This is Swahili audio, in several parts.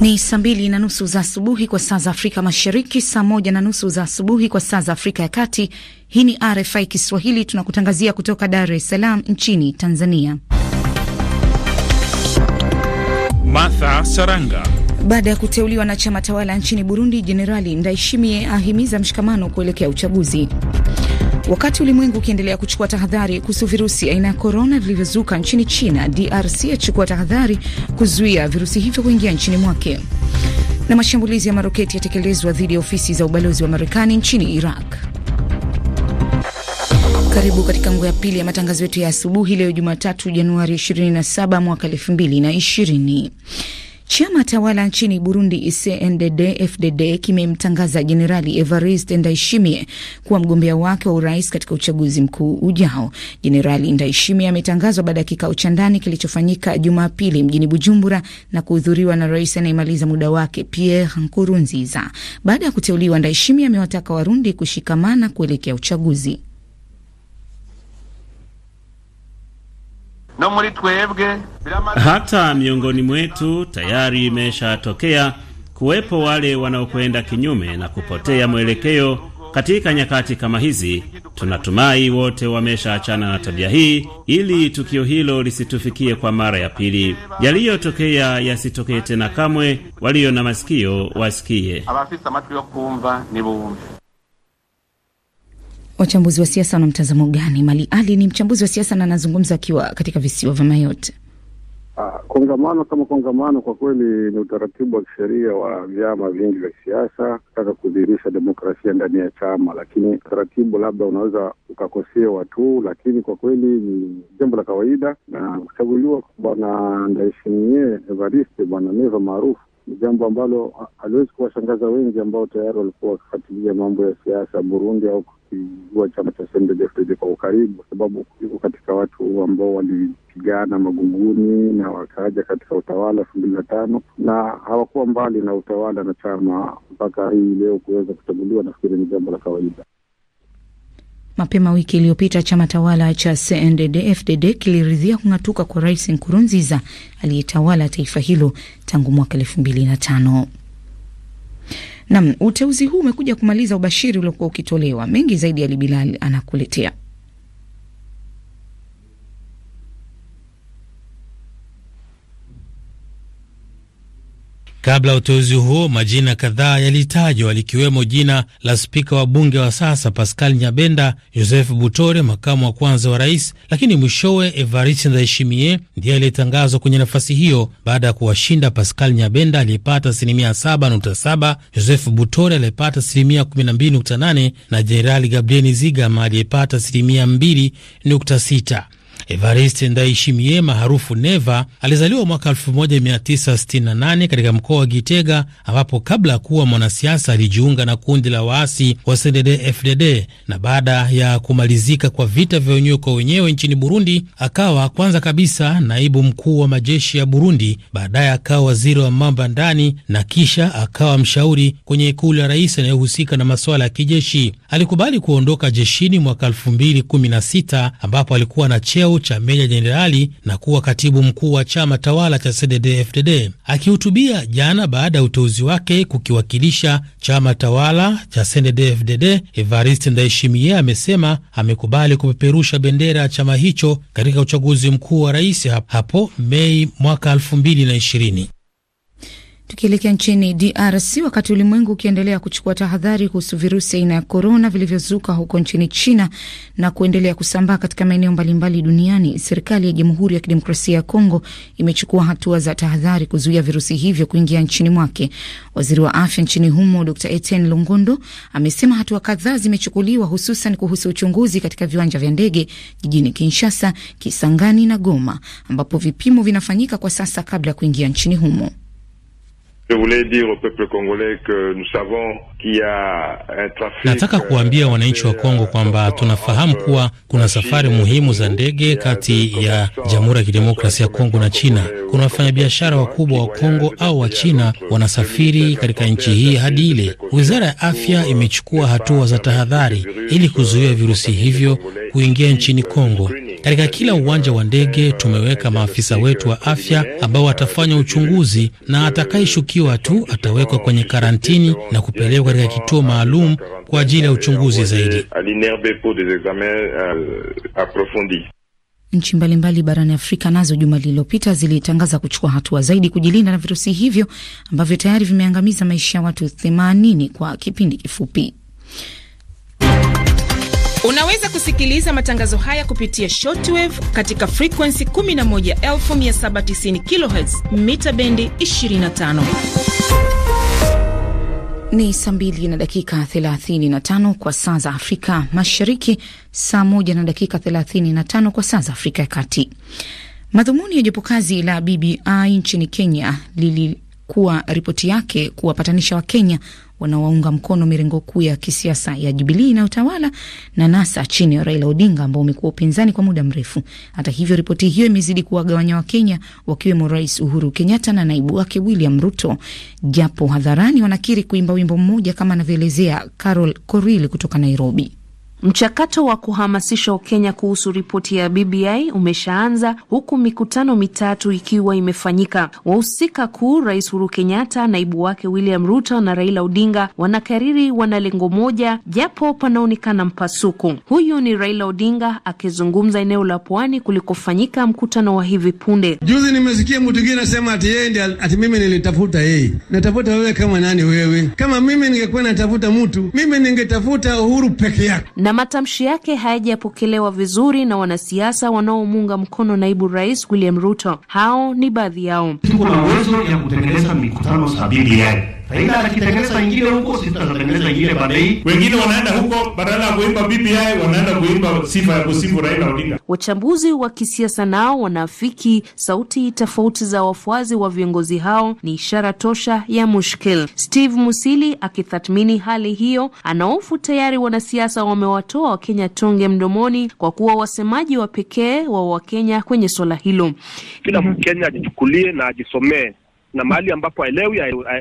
Ni saa mbili na nusu za asubuhi kwa saa za Afrika Mashariki, saa moja na nusu za asubuhi kwa saa za Afrika ya Kati. Hii ni RFI Kiswahili, tunakutangazia kutoka Dar es Salaam nchini Tanzania. Martha Saranga. Baada ya kuteuliwa na chama tawala nchini Burundi, Jenerali Ndaishimie ahimiza mshikamano kuelekea uchaguzi. Wakati ulimwengu ukiendelea kuchukua tahadhari kuhusu virusi aina ya korona vilivyozuka nchini China, DRC achukua tahadhari kuzuia virusi hivyo kuingia nchini mwake. Na mashambulizi ya maroketi yatekelezwa dhidi ya ofisi za ubalozi wa Marekani nchini Iraq. Karibu katika nguo ya pili ya matangazo yetu ya asubuhi leo Jumatatu, Januari 27 mwaka 2020. Chama tawala nchini Burundi CNDD FDD kimemtangaza Jenerali Evariste Ndaishimie kuwa mgombea wake wa urais katika uchaguzi mkuu ujao. Jenerali Ndaishimie ametangazwa baada ya kikao cha ndani kilichofanyika Jumapili mjini Bujumbura na kuhudhuriwa na rais anayemaliza muda wake Pierre Nkurunziza. Baada ya kuteuliwa, Ndaishimie amewataka Warundi kushikamana kuelekea uchaguzi. no muri twebwe. Hata miongoni mwetu tayari imeshatokea kuwepo wale wanaokwenda kinyume na kupotea mwelekeo katika nyakati kama hizi. Tunatumai wote wameshaachana na tabia hii, ili tukio hilo lisitufikie kwa mara ya pili. Yaliyotokea yasitokee tena kamwe. Walio na masikio wasikie. abafise amatwi yo kumva wachambuzi wa siasa wana mtazamo gani? Mali Ali ni mchambuzi wa siasa na anazungumza akiwa katika visiwa vya Mayotte. Ah, kongamano kama kongamano kwa kweli ni utaratibu wa kisheria wa vyama vingi vya kisiasa kutaka kudhihirisha demokrasia ndani ya chama, lakini utaratibu labda unaweza ukakosewa tu lakini kwa kweli ni jambo la kawaida. Na kuchaguliwa kwa bwana Ndayishimiye Evariste, bwana Neva maarufu ni jambo ambalo haliwezi kuwashangaza wengi ambao tayari walikuwa wakifuatilia mambo ya siasa Burundi au kukijua chama cha CNDD-FDD kwa ukaribu, kwa sababu iko katika watu ambao walipigana magunguni na wakaja katika utawala elfu mbili na tano na hawakuwa mbali na utawala na chama mpaka hii leo kuweza kuchaguliwa, nafikiri ni jambo la kawaida. Mapema wiki iliyopita chama tawala cha CNDD-FDD kiliridhia kung'atuka kwa Rais Nkurunziza aliyetawala taifa hilo tangu mwaka elfu mbili na tano Nam, uteuzi huu umekuja kumaliza ubashiri uliokuwa ukitolewa. Mengi zaidi ya Libilal anakuletea. Kabla ya uteuzi huo, majina kadhaa yalitajwa likiwemo jina la spika wa bunge wa sasa Pascal Nyabenda, Joseph Butore makamu wa kwanza wa rais, lakini mwishowe Evariste Ndayishimiye ndiye aliyetangazwa kwenye nafasi hiyo baada ya kuwashinda Pascal Nyabenda aliyepata asilimia 7.7, Joseph Butore aliyepata asilimia 12.8 na Jenerali gabrieli zigama aliyepata asilimia 2.6. Evariste Ndayishimiye maarufu Neva alizaliwa mwaka 1968 katika mkoa wa Gitega, ambapo kabla ya kuwa mwanasiasa alijiunga na kundi la waasi wa CNDD-FDD na baada ya kumalizika kwa vita vya wenyewe kwa wenyewe nchini Burundi akawa kwanza kabisa naibu mkuu wa majeshi ya Burundi, baadaye akawa waziri wa mambo ya ndani na kisha akawa mshauri kwenye ikulu ya rais anayohusika na masuala ya kijeshi. Alikubali kuondoka jeshini mwaka 2016 ambapo alikuwa na cheo kikuu cha meja jenerali na kuwa katibu mkuu wa chama tawala cha cddfdd fdd Akihutubia jana baada ya uteuzi wake kukiwakilisha chama tawala cha CNDD-FDD, Evariste Ndayishimiye amesema amekubali kupeperusha bendera ya chama hicho katika uchaguzi mkuu wa rais hapo Mei mwaka 2020. Tukielekea nchini DRC, wakati ulimwengu ukiendelea kuchukua tahadhari kuhusu virusi aina ya korona vilivyozuka huko nchini China na kuendelea kusambaa katika maeneo mbalimbali duniani, serikali ya Jamhuri ya Kidemokrasia ya Kongo imechukua hatua za tahadhari kuzuia virusi hivyo kuingia nchini mwake. Waziri wa afya nchini humo Dr Etienne Longondo amesema hatua kadhaa zimechukuliwa, hususan kuhusu uchunguzi katika viwanja vya ndege jijini Kinshasa, Kisangani na Goma, ambapo vipimo vinafanyika kwa sasa kabla ya kuingia nchini humo. Je voulais dire au peuple congolais que nous savons qu'il y a un trafic. Nataka euh, kuambia wananchi wa Kongo euh, kwamba tunafahamu kuwa kuna safari muhimu za ndege kati ya Jamhuri ya Kidemokrasia ya Kongo na China. Kuna wafanyabiashara wakubwa wa Kongo au wa China wanasafiri katika nchi hii hadi ile. Wizara ya Afya imechukua hatua za tahadhari ili kuzuia virusi hivyo kuingia nchini Kongo. Katika kila uwanja wa ndege tumeweka maafisa wetu wa afya ambao watafanya uchunguzi, na atakayeshukiwa tu atawekwa kwenye karantini na kupelekwa katika kituo maalum kwa ajili ya uchunguzi zaidi. Nchi mbalimbali barani Afrika nazo juma lililopita zilitangaza kuchukua hatua zaidi kujilinda na virusi hivyo ambavyo tayari vimeangamiza maisha ya watu 80 kwa kipindi kifupi. Unaweza kusikiliza matangazo haya kupitia shortwave katika frequency 11790 kHz mita bendi 25. Ni saa mbili na dakika 35 kwa saa za Afrika Mashariki, saa moja na dakika 35 kwa saa za Afrika ya Kati. Madhumuni ya jopo kazi la BBI nchini Kenya lilikuwa ripoti yake kuwapatanisha Wakenya wanaounga mkono mirengo kuu ya kisiasa ya Jubilii na utawala na NASA chini ya Raila Odinga ambao umekuwa upinzani kwa muda mrefu. Hata hivyo, ripoti hiyo imezidi kuwagawanya Wakenya wakiwemo Rais Uhuru Kenyatta na naibu wake William Ruto, japo hadharani wanakiri kuimba wimbo mmoja kama anavyoelezea Carol Koril kutoka Nairobi. Mchakato wa kuhamasisha Wakenya kuhusu ripoti ya BBI umeshaanza huku mikutano mitatu ikiwa imefanyika. Wahusika kuu, Rais Uhuru Kenyatta, naibu wake William Ruto na Raila Odinga, wanakariri wana lengo moja, japo panaonekana mpasuko. Huyu ni Raila Odinga akizungumza eneo la Pwani kulikofanyika mkutano wa hivi punde. Juzi nimesikia mtu ingine anasema ati yeye ndiye ati mimi nilitafuta yeye. Natafuta wewe kama nani wewe? Kama mimi ningekuwa natafuta mtu, mimi ningetafuta Uhuru peke yake na matamshi yake hayajapokelewa vizuri na wanasiasa wanaomuunga mkono naibu rais William Ruto. Hao ni baadhi yao. Tuko na uwezo ya kutengeneza mikutano za yaani Raila akitengeneza ingine huko, sisi tutatengeneza ingine baadaye. Wengine wanaenda huko badala ya kuimba BBI wanaenda kuimba sifa ya kusifu Raila Odinga. Wachambuzi wa kisiasa nao wanaafiki sauti tofauti za wafuazi wa viongozi hao ni ishara tosha ya mushkil. Steve Musili akitathmini hali hiyo, anaofu tayari wanasiasa wamewatoa Wakenya tonge mdomoni kwa kuwa wasemaji wa pekee wa Wakenya kwenye swala hilo. Kila Mkenya ajichukulie na ajisomee na mahali ambapo aelewi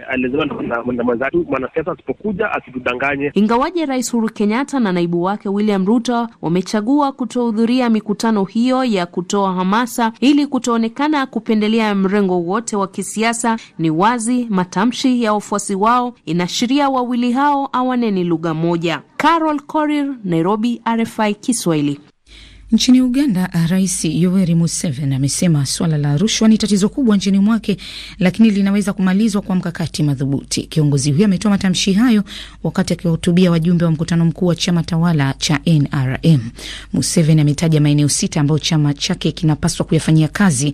aelezewa na mwenzake, mwanasiasa asipokuja asitudanganye. Ingawaje Rais Uhuru Kenyatta na naibu wake William Ruto wamechagua kutohudhuria mikutano hiyo ya kutoa hamasa ili kutoonekana kupendelea mrengo wote wa kisiasa, ni wazi matamshi ya wafuasi wao inaashiria wawili hao awaneni lugha moja. Carol Korir, Nairobi, RFI Kiswahili. Nchini Uganda, Rais Yoweri Museveni amesema swala la rushwa ni tatizo kubwa nchini mwake, lakini linaweza kumalizwa kwa mkakati madhubuti. Kiongozi huyo ametoa matamshi hayo wakati akiwahutubia wajumbe wa mkutano mkuu wa chama tawala cha NRM. Museveni ametaja maeneo sita ambayo chama chake kinapaswa kuyafanyia kazi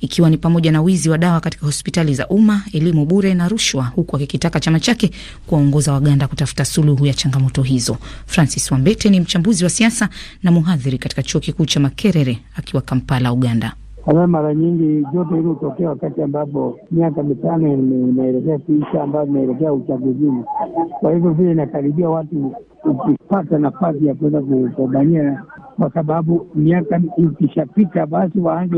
ikiwa ni pamoja na wizi wa dawa katika hospitali za umma, elimu bure na rushwa, huku akikitaka chama chake kuwaongoza Waganda kutafuta suluhu ya changamoto hizo. Francis Wambete ni mchambuzi wa siasa na mhadhiri katika chuo kikuu cha Makerere akiwa Kampala, Uganda. Aa, mara nyingi joto hili hutokea wakati ambapo miaka mitano inaelekea kuisha, ambayo inaelekea uchaguzini. Kwa hivyo vile inakaribia, watu ukipata nafasi ya kuweza kugombania kwa sababu miaka ikishapita, basi waanze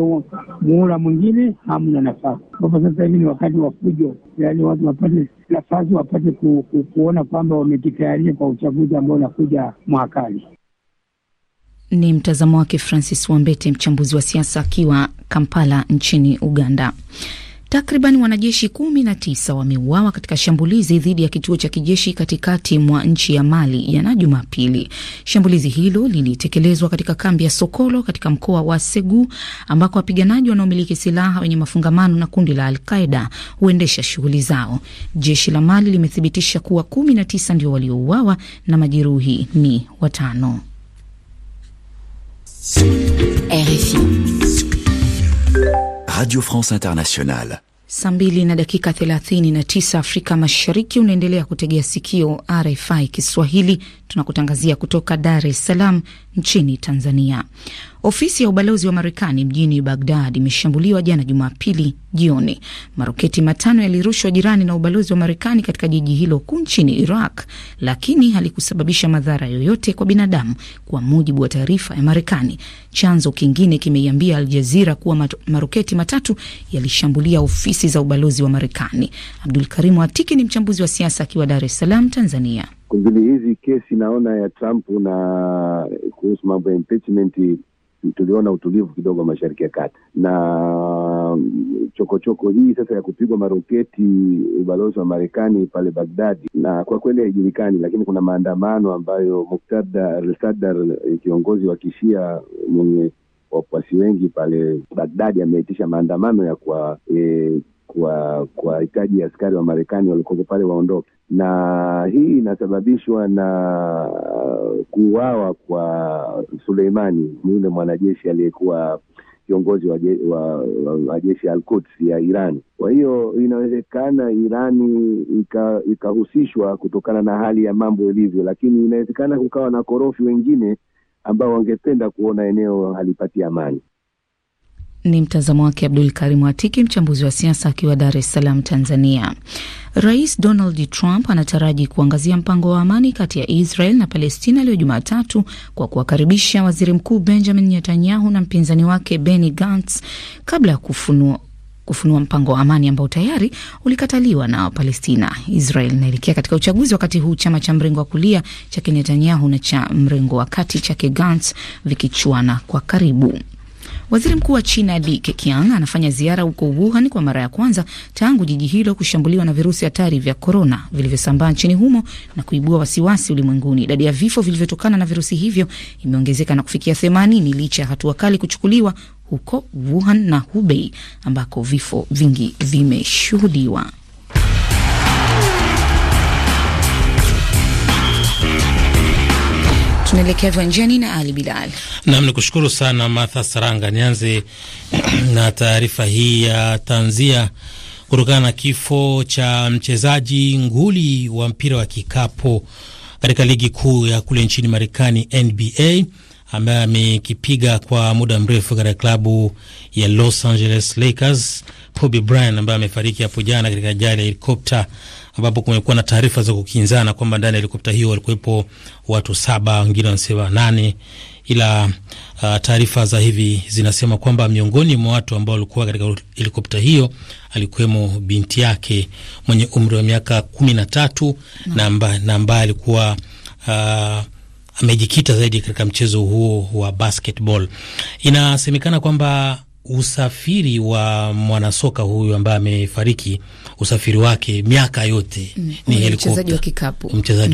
muhula mwingine, hamna nafasi. Kwa sasa hivi ni wakati wa fujo, yaani watu wapate nafasi, wapate ku, ku, kuona kwamba wamejitayarisha kwa uchaguzi ambao unakuja mwakani. Ni mtazamo wake Francis Wambete, mchambuzi wa siasa akiwa Kampala nchini Uganda. Takriban wanajeshi kumi na tisa wameuawa katika shambulizi dhidi ya kituo cha kijeshi katikati mwa nchi ya Mali jana Jumapili. Shambulizi hilo lilitekelezwa katika kambi ya Sokolo katika mkoa wa Segu, ambako wapiganaji wanaomiliki silaha wenye mafungamano na kundi la Alqaida huendesha shughuli zao. Jeshi la Mali limethibitisha kuwa kumi na tisa ndio waliouawa na majeruhi ni watano. RFI. Radio France Internationale. Saa mbili na dakika 39 Afrika Mashariki. Unaendelea kutegea sikio RFI Kiswahili, tunakutangazia kutoka Dar es Salaam nchini Tanzania. Ofisi ya ubalozi wa Marekani mjini Bagdad imeshambuliwa jana Jumapili jioni. Maroketi matano yalirushwa jirani na ubalozi wa Marekani katika jiji hilo kuu nchini Iraq, lakini halikusababisha madhara yoyote kwa binadamu, kwa mujibu wa taarifa ya Marekani. Chanzo kingine kimeiambia Al Jazira kuwa maroketi matatu yalishambulia ofisi za ubalozi wa Marekani. Abdul Karimu Atiki ni mchambuzi wa siasa akiwa Dar es Salaam, Tanzania kuzili hizi kesi naona ya Trump na kuhusu mambo ya impeachment tuliona utulivu kidogo mashariki ya kati na chokochoko hii sasa ya kupigwa maroketi ubalozi wa Marekani pale Bagdadi, na kwa kweli haijulikani, lakini kuna maandamano ambayo Muktada al-Sadr kiongozi wa kishia mwenye wafuasi wengi pale Bagdadi ameitisha maandamano ya kwa e, kuwahitaji askari wa Marekani walikuwako pale waondoke, na hii inasababishwa na kuuawa kwa Suleimani, yule mwanajeshi aliyekuwa kiongozi wa, wa, wa jeshi ya Al-Quds ya Irani. Kwa hiyo inawezekana Irani ikahusishwa ika kutokana na hali ya mambo ilivyo, lakini inawezekana kukawa na korofi wengine ambao wangependa kuona eneo halipati amani. Ni mtazamo wake Abdul karimu atiki mchambuzi wa siasa akiwa Dar es Salaam, Tanzania. Rais Donald Trump anataraji kuangazia mpango wa amani kati ya Israel na Palestina leo Jumatatu kwa kuwakaribisha waziri mkuu Benjamin Netanyahu na mpinzani wake Benny Gantz kabla ya kufunua kufunua mpango wa amani ambao tayari ulikataliwa na Wapalestina. Israel inaelekea katika uchaguzi, wakati huu chama cha mrengo wa kulia chake Netanyahu na cha mrengo wa kati chake Gantz vikichuana kwa karibu. Waziri mkuu wa China Li Keqiang anafanya ziara huko Wuhan kwa mara ya kwanza tangu jiji hilo kushambuliwa na virusi hatari vya korona vilivyosambaa nchini humo na kuibua wasiwasi ulimwenguni. Idadi ya vifo vilivyotokana na virusi hivyo imeongezeka na kufikia 80 licha ya hatua kali kuchukuliwa huko Wuhan na Hubei ambako vifo vingi vimeshuhudiwa. Tunaelekea njiani na Ali Bilal. Naam, ni kushukuru sana Martha Saranga. Nianze na taarifa hii ya tanzia kutokana na kifo cha mchezaji nguli wa mpira wa kikapo katika ligi kuu ya kule nchini Marekani, NBA, ambaye amekipiga kwa muda mrefu katika klabu ya Los Angeles Lakers, Kobe Bryant ambaye amefariki hapo jana katika ajali ya helikopta ambapo kumekuwa na taarifa za kukinzana kwamba ndani ya helikopta hiyo walikuwepo watu saba, wengine wanasema nane, ila uh, taarifa za hivi zinasema kwamba miongoni mwa watu ambao walikuwa katika helikopta hiyo alikuwemo binti yake mwenye umri wa miaka kumi na tatu mm. na ambaye alikuwa uh, amejikita zaidi katika mchezo huo wa basketball. Inasemekana kwamba usafiri wa mwanasoka huyu ambaye amefariki, usafiri wake miaka yote mm. ni helikopta, mchezaji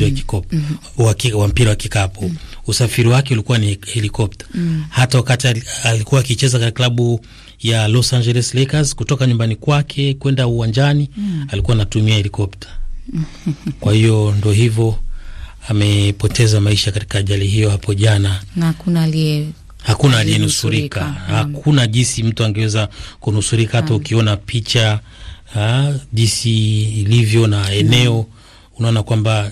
wa kikapu, wa mm. Mm. wa, mpira wa kikapu usafiri wake ulikuwa ni helikopta hata wakati alikuwa akicheza katika klabu ya Los Angeles Lakers, kutoka nyumbani kwake kwenda uwanjani mm. alikuwa anatumia helikopta kwa hiyo ndo hivyo, amepoteza maisha katika ajali hiyo hapo jana na kuna aliye hakuna aliyenusurika, hakuna jinsi mtu angeweza kunusurika. Hata ukiona picha jisi jinsi ilivyo na eneo, unaona kwamba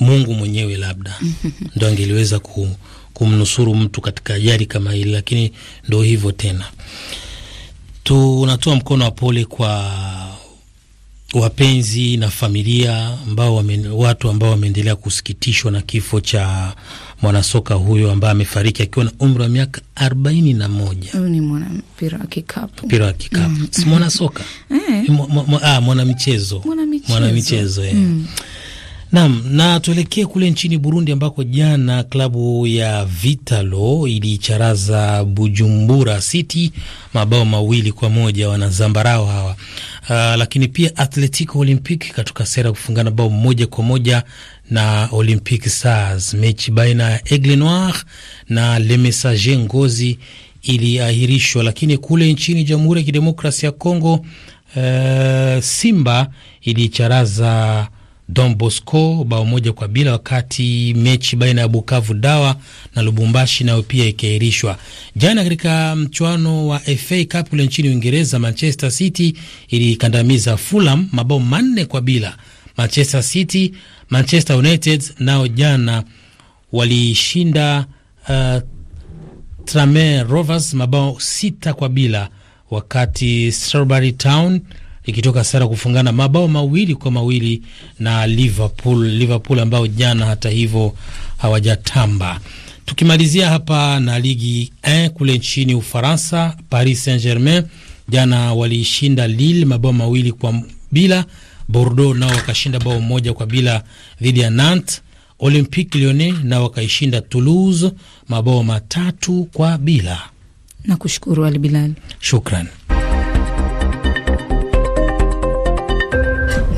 Mungu mwenyewe labda ndo angeliweza ku, kumnusuru mtu katika ajali kama hili, lakini ndo hivyo tena. Tunatoa mkono wa pole kwa wapenzi na familia ambao wame, watu ambao wameendelea kusikitishwa na kifo cha mwanasoka huyo ambaye amefariki akiwa na umri wa miaka arobaini na moja. ni wa kikapu, mpira wa kikapu mm. si mwanasoka mm. eh. Ah, mwanamichezo mwanamichezo eh. mm. Naam, na tuelekee kule nchini Burundi ambako jana klabu ya Vitalo iliicharaza Bujumbura City mabao mawili kwa moja. Wanazambarao hawa Uh, lakini pia Atletico Olympic katoka sera kufungana bao moja kwa moja na Olympic Stars. Mechi baina ya Aigle Noir na Le Messager Ngozi iliahirishwa, lakini kule nchini Jamhuri ya Kidemokrasia ya Kongo uh, Simba iliicharaza Don Bosco bao moja kwa bila, wakati mechi baina ya Bukavu Dawa na Lubumbashi nayo pia ikiahirishwa. Jana katika mchuano wa FA Cup ule nchini Uingereza, Manchester City ilikandamiza Fulham mabao manne kwa bila. Manchester City, Manchester United nao jana walishinda uh, Tranmere Rovers mabao sita kwa bila, wakati Strawberry Town ikitoka sara kufungana mabao mawili kwa mawili na Liverpool, Liverpool ambao jana hata hivyo hawajatamba. Tukimalizia hapa na ligi 1 kule nchini Ufaransa, Paris Saint-Germain jana waliishinda Lille mabao mawili kwa bila. Bordeaux nao wakashinda bao moja kwa bila dhidi ya Nantes. Olympique Lyonnais nao wakaishinda Toulouse mabao matatu kwa bila. Nakushukuru Ali Bilal. Shukran.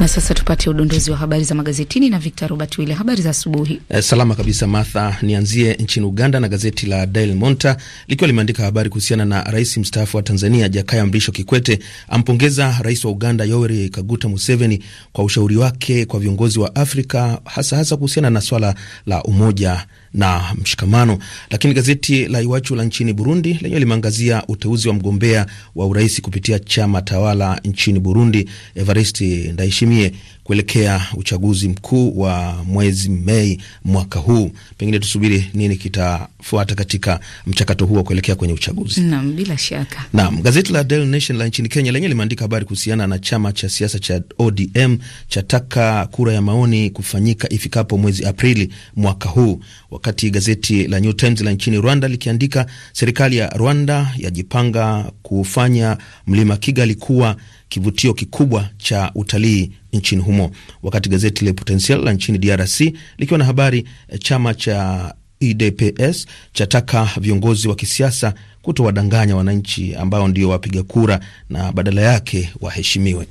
Na sasa tupate udondozi wa habari za magazetini na Victor Robert Wile. Habari za asubuhi. Eh, salama kabisa Martha. Nianzie nchini Uganda na gazeti la Daily Monitor likiwa limeandika habari kuhusiana na rais mstaafu wa Tanzania Jakaya Mrisho Kikwete ampongeza rais wa Uganda Yoweri Kaguta Museveni kwa ushauri wake kwa viongozi wa Afrika hasa hasa kuhusiana na swala la umoja na mshikamano. Lakini gazeti la Iwachu la nchini Burundi lenyewe limeangazia uteuzi wa mgombea wa urais kupitia chama tawala nchini Burundi, Evariste Ndayishimiye kuelekea uchaguzi mkuu wa mwezi Mei mwaka huu. Pengine tusubiri nini kitafuata katika mchakato huo kuelekea kwenye uchaguzi. Naam, bila shaka. Naam, gazeti la Daily Nation la nchini Kenya lenyewe limeandika habari kuhusiana na chama cha siasa cha ODM chataka kura ya maoni kufanyika ifikapo mwezi Aprili mwaka huu, wakati gazeti la New Times la nchini Rwanda likiandika serikali ya Rwanda yajipanga kufanya mlima Kigali kuwa kivutio kikubwa cha utalii nchini humo, wakati gazeti Le Potentiel la nchini DRC likiwa na habari eh, chama cha UDPS chataka viongozi wa kisiasa kutowadanganya wananchi ambao ndio wapiga kura na badala yake waheshimiwe.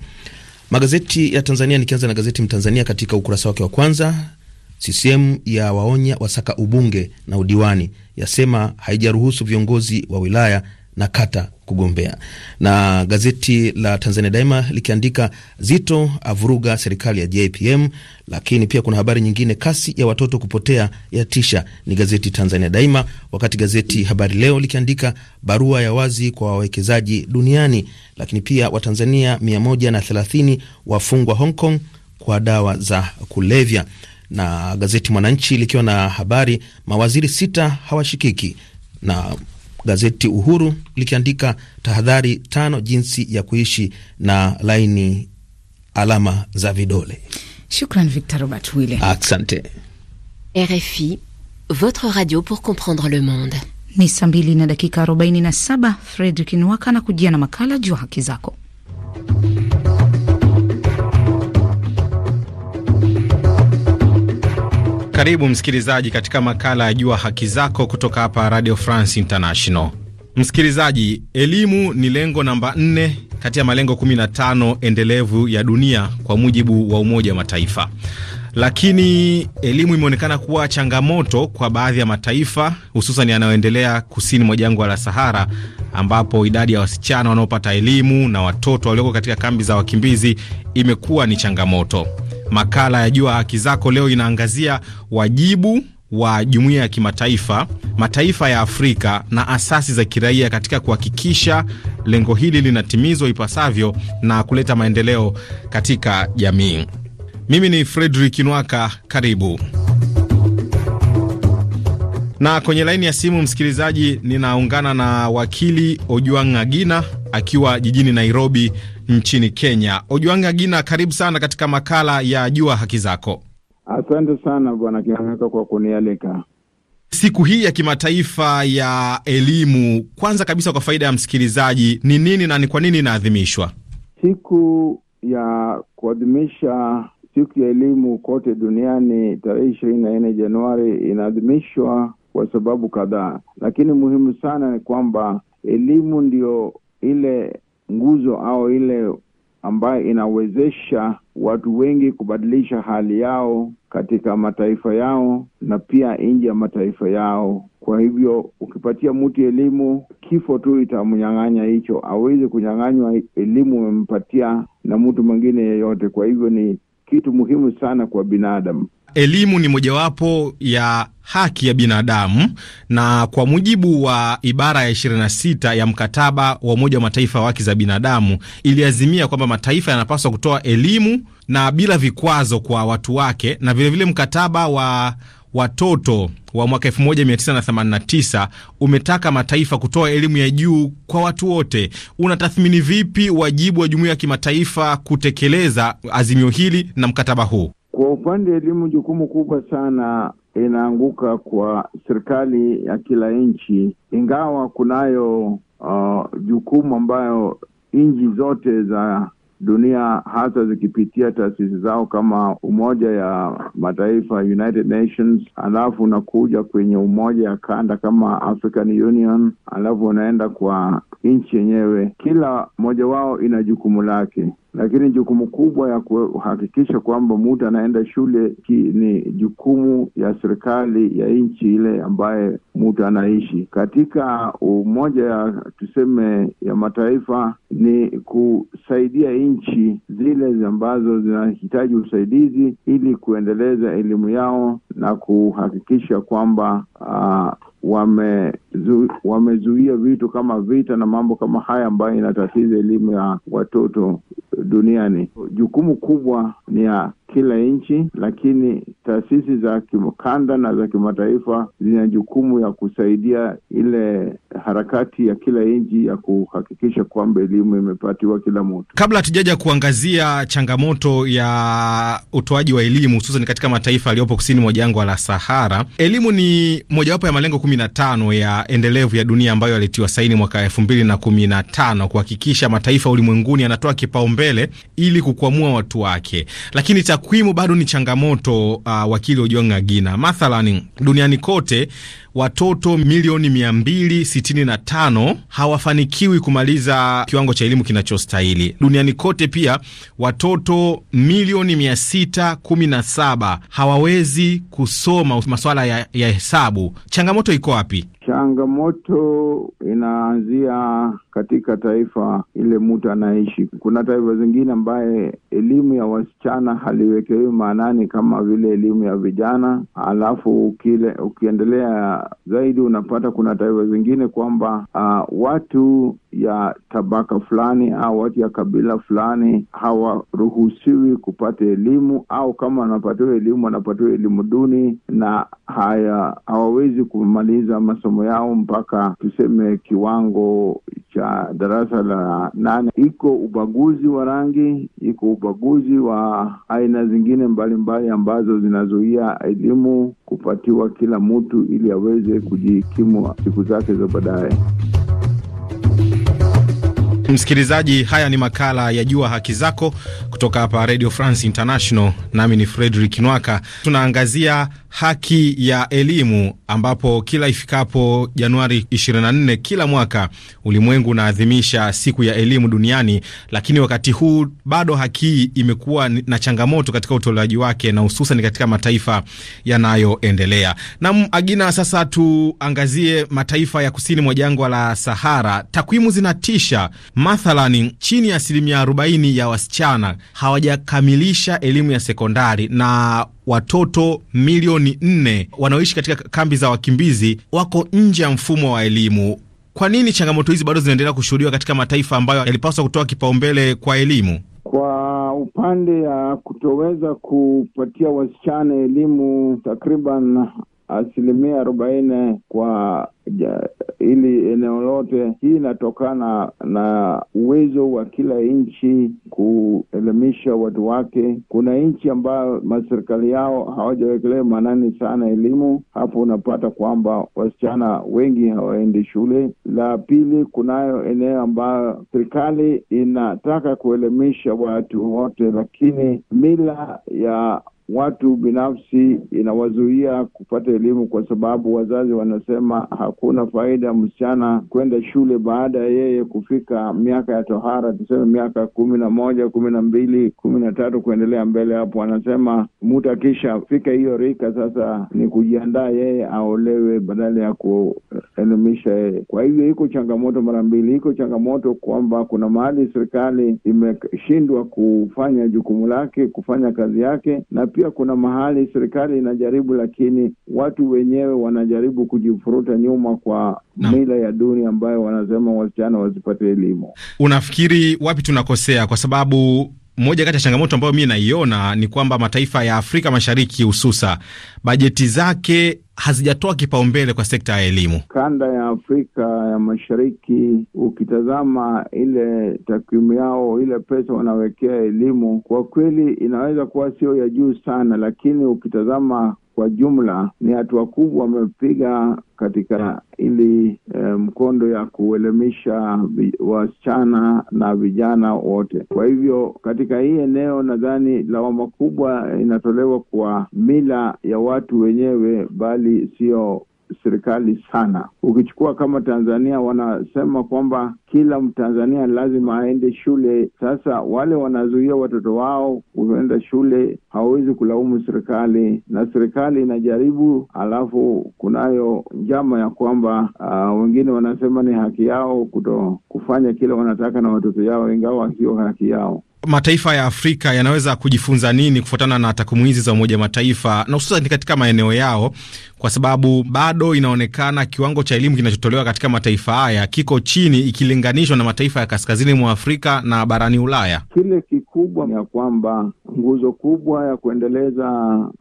Magazeti ya Tanzania, nikianza na gazeti Mtanzania katika ukurasa wake wa kwanza, CCM ya waonya wasaka ubunge na udiwani, yasema haijaruhusu viongozi wa wilaya na Kata kugombea. Na gazeti la Tanzania Daima likiandika Zito avuruga serikali ya JPM, lakini pia kuna habari nyingine, kasi ya watoto kupotea yatisha. Ni gazeti Tanzania Daima, wakati gazeti Habari Leo likiandika barua ya wazi kwa wawekezaji duniani, lakini pia Watanzania 130 wafungwa Hong Kong kwa dawa za kulevya, na gazeti Mwananchi likiwa na habari mawaziri sita hawashikiki na gazeti Uhuru likiandika tahadhari tano jinsi ya kuishi na laini alama za vidole. Shukran Victor Robert Wille, asante. RFI, votre radio pour comprendre le monde. Ni saa mbili na dakika 47. Fredrick Nwaka anakujia na makala jua haki zako. Karibu msikilizaji katika makala ya Jua Haki Zako kutoka hapa Radio France International. Msikilizaji, elimu ni lengo namba 4 kati ya malengo 15 endelevu ya dunia kwa mujibu wa Umoja wa Mataifa, lakini elimu imeonekana kuwa changamoto kwa baadhi ya mataifa hususan yanayoendelea kusini mwa jangwa la Sahara, ambapo idadi ya wasichana wanaopata elimu na watoto walioko katika kambi za wakimbizi imekuwa ni changamoto. Makala ya Jua Haki Zako leo inaangazia wajibu wa jumuiya ya kimataifa, mataifa ya Afrika na asasi za kiraia katika kuhakikisha lengo hili linatimizwa ipasavyo na kuleta maendeleo katika jamii. Mimi ni Fredrick Nwaka, karibu na kwenye laini ya simu msikilizaji, ninaungana na wakili Ojuang Agina akiwa jijini Nairobi nchini Kenya. Ojwanga Gina, karibu sana katika makala ya Jua Haki Zako. Asante sana Bwana Kiangaka kwa kunialika siku hii ya kimataifa ya elimu. Kwanza kabisa, kwa faida ya msikilizaji, ni nini na ni kwa nini inaadhimishwa siku ya kuadhimisha siku ya elimu kote duniani tarehe ishirini na nne Januari inaadhimishwa kwa sababu kadhaa, lakini muhimu sana ni kwamba elimu ndio ile nguzo au ile ambayo inawezesha watu wengi kubadilisha hali yao katika mataifa yao na pia nje ya mataifa yao. Kwa hivyo ukipatia mtu elimu, kifo tu itamnyang'anya hicho, awezi kunyang'anywa elimu umempatia na mtu mwingine yeyote. Kwa hivyo ni kitu muhimu sana kwa binadamu elimu ni mojawapo ya haki ya binadamu na kwa mujibu wa ibara ya 26 ya mkataba wa Umoja wa Mataifa wa haki za binadamu iliazimia kwamba mataifa yanapaswa kutoa elimu na bila vikwazo kwa watu wake, na vilevile vile mkataba wa watoto wa mwaka 1989 umetaka mataifa kutoa elimu ya juu kwa watu wote. Unatathmini vipi wajibu wa jumuiya ya kimataifa kutekeleza azimio hili na mkataba huu? Kwa upande wa elimu, jukumu kubwa sana inaanguka kwa serikali ya kila nchi, ingawa kunayo uh, jukumu ambayo nchi zote za dunia hasa zikipitia taasisi zao kama Umoja ya Mataifa, United Nations, alafu unakuja kwenye umoja ya kanda kama African Union, alafu unaenda kwa nchi yenyewe. Kila moja wao ina jukumu lake lakini jukumu kubwa ya kuhakikisha kwamba mtu anaenda shule ki, ni jukumu ya serikali ya nchi ile ambaye mtu anaishi katika. Umoja ya tuseme ya Mataifa ni kusaidia nchi zile ambazo zinahitaji usaidizi ili kuendeleza elimu yao na kuhakikisha kwamba uh, wamezuia wamezuia vitu kama vita na mambo kama haya ambayo inatatiza elimu ya watoto duniani. Jukumu kubwa ni ya kila nchi, lakini taasisi za kikanda na za kimataifa zina jukumu ya kusaidia ile harakati ya kila nchi ya kuhakikisha kwamba elimu imepatiwa kila mtu. Kabla hatujaja kuangazia changamoto ya utoaji wa elimu hususan katika mataifa yaliyopo kusini mwa jangwa la Sahara, elimu ni mojawapo ya malengo kumi 15 ya endelevu ya dunia ambayo yalitiwa saini mwaka 2015 kuhakikisha mataifa ulimwenguni yanatoa kipaumbele ili kukwamua watu wake, lakini takwimu bado ni changamoto. Uh, wakili Ojwang Gina, mathalani duniani kote watoto milioni 265 hawafanikiwi kumaliza kiwango cha elimu kinachostahili. Duniani kote pia watoto milioni 617 hawawezi kusoma masuala ya, ya hesabu. Changamoto iko wapi? Changamoto inaanzia katika taifa ile mtu anaishi. Kuna taifa zingine ambaye elimu ya wasichana haliwekewi maanani kama vile elimu ya vijana, alafu ukile, ukiendelea zaidi unapata kuna taifa zingine kwamba uh, watu ya tabaka fulani au watu ya kabila fulani hawaruhusiwi kupata elimu, au kama wanapatiwa elimu wanapatiwa elimu duni, na haya hawawezi kumaliza masomo yao mpaka tuseme kiwango cha darasa la nane. Iko ubaguzi wa rangi, iko ubaguzi wa aina zingine mbalimbali mbali ambazo zinazuia elimu kupatiwa kila mtu ili aweze kujikimu siku zake za baadaye. Msikilizaji, haya ni makala ya Jua Haki Zako kutoka hapa Radio France International, nami ni frederick Nwaka. Tunaangazia haki ya elimu, ambapo kila ifikapo Januari 24 kila mwaka ulimwengu unaadhimisha siku ya elimu duniani. Lakini wakati huu bado haki hii imekuwa na changamoto katika utolewaji wake na hususan katika mataifa yanayoendelea. Nam Agina, sasa tuangazie mataifa ya kusini mwa jangwa la Sahara. Takwimu zinatisha, mathalani chini ya asilimia 40 ya wasichana hawajakamilisha elimu ya sekondari na watoto milioni nne wanaoishi katika kambi za wakimbizi wako nje ya mfumo wa elimu. Kwa nini changamoto hizi bado zinaendelea kushuhudiwa katika mataifa ambayo yalipaswa kutoa kipaumbele kwa elimu? Kwa upande ya kutoweza kupatia wasichana elimu takriban asilimia arobaini kwa ja, ili eneo lote. Hii inatokana na uwezo wa kila nchi kuelimisha watu wake. Kuna nchi ambayo maserikali yao hawajawekelea maanani sana elimu, hapo unapata kwamba wasichana wengi hawaendi shule. La pili, kunayo eneo ambayo serikali inataka kuelimisha watu wote, lakini mila ya watu binafsi inawazuia kupata elimu, kwa sababu wazazi wanasema hakuna faida msichana kwenda shule baada ya yeye kufika miaka ya tohara, tuseme miaka kumi na moja, kumi na mbili, kumi na tatu kuendelea mbele. Hapo anasema mtu akisha fika hiyo rika sasa ni kujiandaa yeye aolewe badala ya kuelimisha yeye. Kwa hivyo iko changamoto mara mbili, iko changamoto kwamba kuna mahali serikali imeshindwa kufanya jukumu lake, kufanya kazi yake na pia kuna mahali serikali inajaribu, lakini watu wenyewe wanajaribu kujifuruta nyuma kwa na mila ya duni ambayo wanasema wasichana wasipate elimu. Unafikiri wapi tunakosea? Kwa sababu moja kati ya changamoto ambayo mi naiona ni kwamba mataifa ya Afrika Mashariki hususa bajeti zake hazijatoa kipaumbele kwa sekta ya elimu kanda ya Afrika ya Mashariki. Ukitazama ile takwimu yao, ile pesa wanawekea elimu, kwa kweli inaweza kuwa sio ya juu sana, lakini ukitazama kwa jumla ni hatua kubwa wamepiga katika ili e, mkondo ya kuelemisha wasichana na vijana wote. Kwa hivyo katika hii eneo nadhani lawama kubwa inatolewa kwa mila ya watu wenyewe, bali sio serikali sana. Ukichukua kama Tanzania, wanasema kwamba kila Mtanzania lazima aende shule. Sasa wale wanazuia watoto wao kuenda shule hawawezi kulaumu serikali, na serikali inajaribu. Alafu kunayo njama ya kwamba uh, wengine wanasema ni haki yao kuto kufanya kile wanataka na watoto yao, ingawa sio haki yao mataifa ya Afrika yanaweza kujifunza nini kufuatana na takwimu hizi za Umoja Mataifa na hususan katika maeneo yao, kwa sababu bado inaonekana kiwango cha elimu kinachotolewa katika mataifa haya kiko chini ikilinganishwa na mataifa ya kaskazini mwa Afrika na barani Ulaya. Kile kikubwa ya kwamba nguzo kubwa ya kuendeleza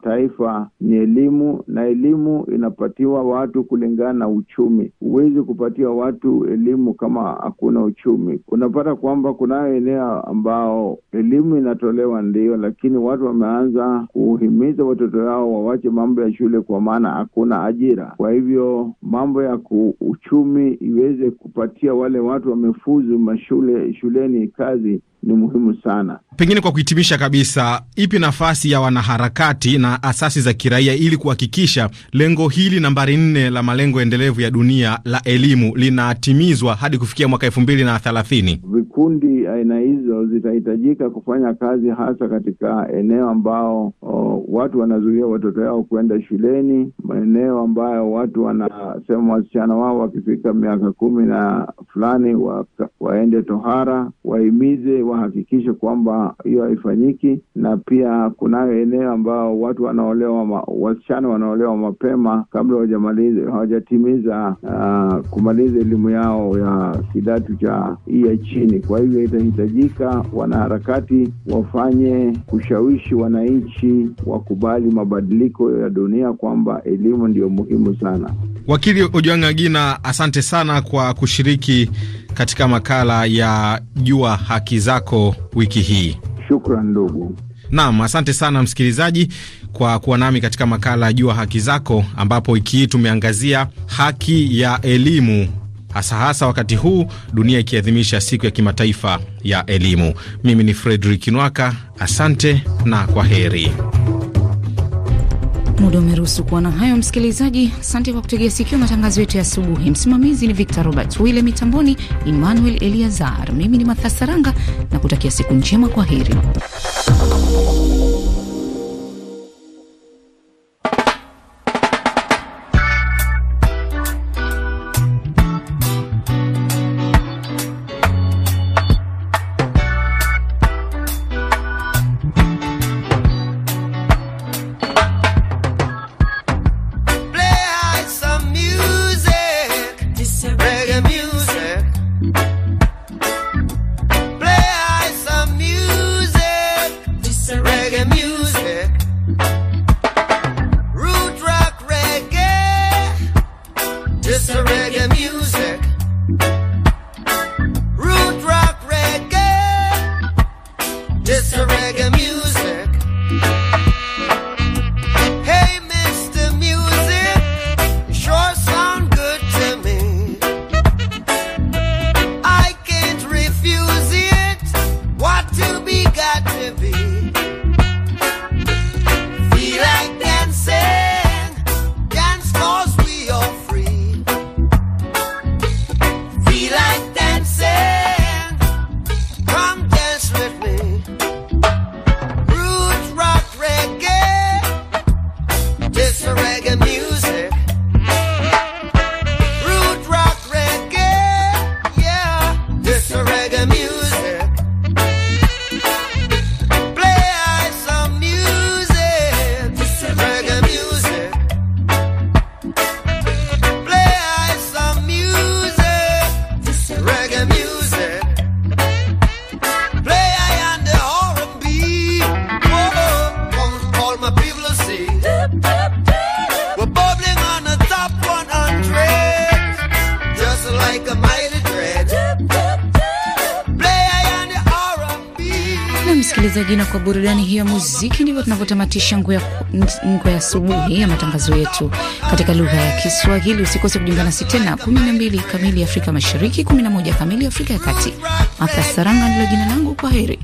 taifa ni elimu, na elimu inapatiwa watu kulingana na uchumi. Huwezi kupatia watu elimu kama hakuna uchumi. Unapata kwamba kunayo eneo ambao Elimu inatolewa ndio, lakini watu wameanza kuhimiza watoto wao wawache mambo ya shule, kwa maana hakuna ajira. Kwa hivyo mambo ya kuuchumi iweze kupatia wale watu wamefuzu mashule shuleni kazi ni muhimu sana. Pengine kwa kuhitimisha kabisa, ipi nafasi ya wanaharakati na asasi za kiraia ili kuhakikisha lengo hili nambari nne la malengo endelevu ya dunia la elimu linatimizwa hadi kufikia mwaka elfu mbili na thelathini? Vikundi aina hizo zitahitajika kufanya kazi hasa katika eneo ambao o, watu wanazuia watoto yao kuenda shuleni, maeneo ambayo watu wanasema wasichana wao wakifika miaka kumi na fulani wa, waende tohara, wahimize wa wahakikishe kwamba hiyo haifanyiki, na pia kunayo eneo ambao watu wanaolewa ma, wasichana wanaolewa mapema kabla hawajamaliza hawajatimiza uh, kumaliza elimu yao ya kidato cha hii ya chini. Kwa hivyo itahitajika wanaharakati wafanye kushawishi wananchi wakubali mabadiliko ya dunia kwamba elimu ndiyo muhimu sana. Wakili Ojwang' Agina, asante sana kwa kushiriki katika makala ya Jua Haki Zako wiki hii. Shukran ndugu. Naam, asante sana msikilizaji kwa kuwa nami katika makala ya Jua Haki Zako, ambapo wiki hii tumeangazia haki ya elimu hasa hasa wakati huu dunia ikiadhimisha siku ya kimataifa ya elimu. Mimi ni Fredrik Nwaka, asante na kwa heri. Muda umeruhusu kuwa na hayo, msikilizaji. Asante kwa kutegea sikio matangazo yetu ya asubuhi. Msimamizi ni Victor Robert Wille, mitamboni Emmanuel Eliazar, mimi ni Mathasaranga na kutakia siku njema. Kwa heri. tunatamatisha ngwe ya asubuhi ya matangazo yetu katika lugha ya Kiswahili. Usikose kujiunga nasi tena 12 kamili Afrika Mashariki, 11 kamili Afrika ya Kati. Martha Saranga ndilo jina langu. Kwa heri.